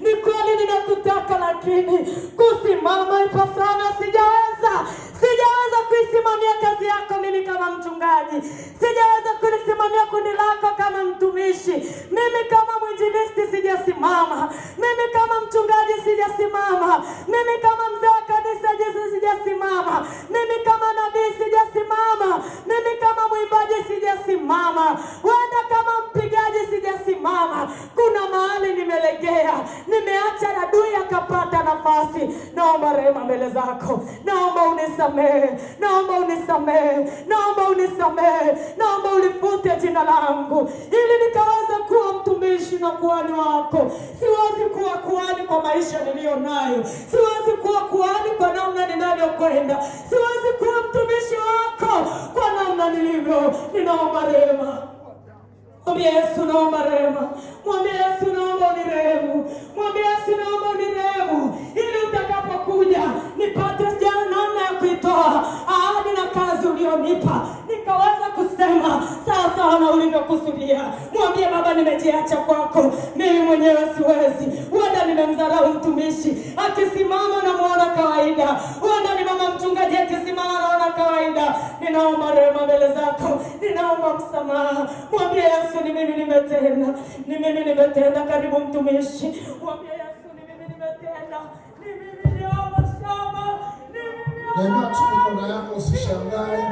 Ni kweli ninakutaka, lakini kusimama sana sijaweza. Sijaweza kuisimamia kazi yako mimi kama mchungaji, sijaweza kulisimamia kundi lako kama mtumishi. Mimi kama mwinjilisti sijasimama, mimi kama mchungaji sijasimama, mimi kama mzee wa kanisa sijasimama, mimi kama nabii sijasimama, mimi kama mwimbaji sijasimama, wenda kama nikasimama. Kuna mahali nimelegea, nimeacha adui akapata nafasi. Naomba rehema mbele zako, naomba unisamehe, naomba unisamehe, naomba unisamehe, naomba ulifute jina langu ili nikaweza kuwa mtumishi na kuhani wako. Siwezi kuwa kuhani kwa maisha niliyo nayo, siwezi kuwa kuhani kwa namna ninavyokwenda, siwezi kuwa mtumishi wako kwa namna nilivyo. Ninaomba rehema Mwambie Yesu naomba rehema. Mwambie Yesu naomba unirehemu. Mwambie Yesu naomba unirehemu ili utakapokuja nipate jana namna ya kuitoa ahadi na kazi ulionipa nikaweza kusema sawa sawa na ulivyokusudia. Mwambie Baba, nimejiacha kwako, mimi mwenyewe siwezi. Huenda nimemdharau mtumishi, akisimama na muona kawaida, huenda nimekutenda, ninaomba rehema mbele zako, ninaomba msamaha. Mwambie Yesu, ni mimi nimetenda, ni mimi nimetenda. Karibu mtumishi, mwambie Yesu, ni mimi nimetenda, ni mimi niliomba shamba, ni mimi mikono yako, usishangae.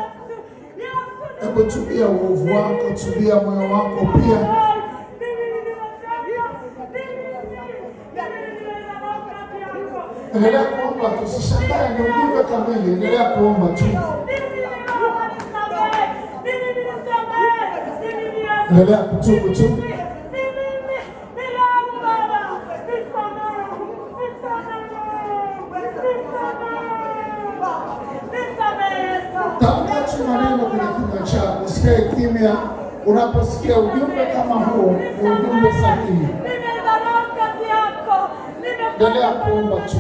Hebu tubia uovu wako, tubia moyo wako pia Endelea kuomba tusishangae, ni ujumbe kamili. Endelea kuomba tu. Endelea kutubu tu. Tamka tu maneno kwenye kinywa chako, usikae kimya. Unaposikia ujumbe kama huo, ni ujumbe sahihi. Endelea kuomba tu.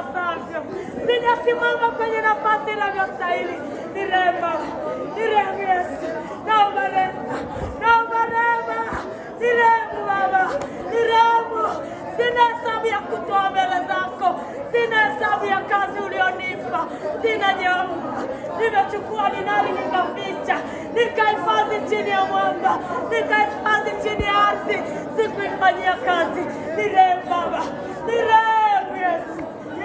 ipasavyo, zinasimama kwenye nafasi inavyostahili. Ni rema, ni rehemu Yesu, naomba rehema, naomba rehema, ni rehemu Baba, ni rehemu. Sina hesabu ya kutoa mbele zako, sina hesabu ya kazi ulionipa, sina nyama nimechukua, ninari nikaficha, nikahifadhi chini ya mwamba, nikahifadhi chini ya ardhi, sikuifanyia kazi. Ni rehemu Baba, ni rehemu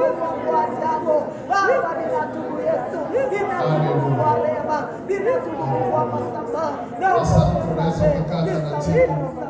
yako Baba, ninatubu Yesu, ninatubu wa rehema, ninatubu wa msamaha na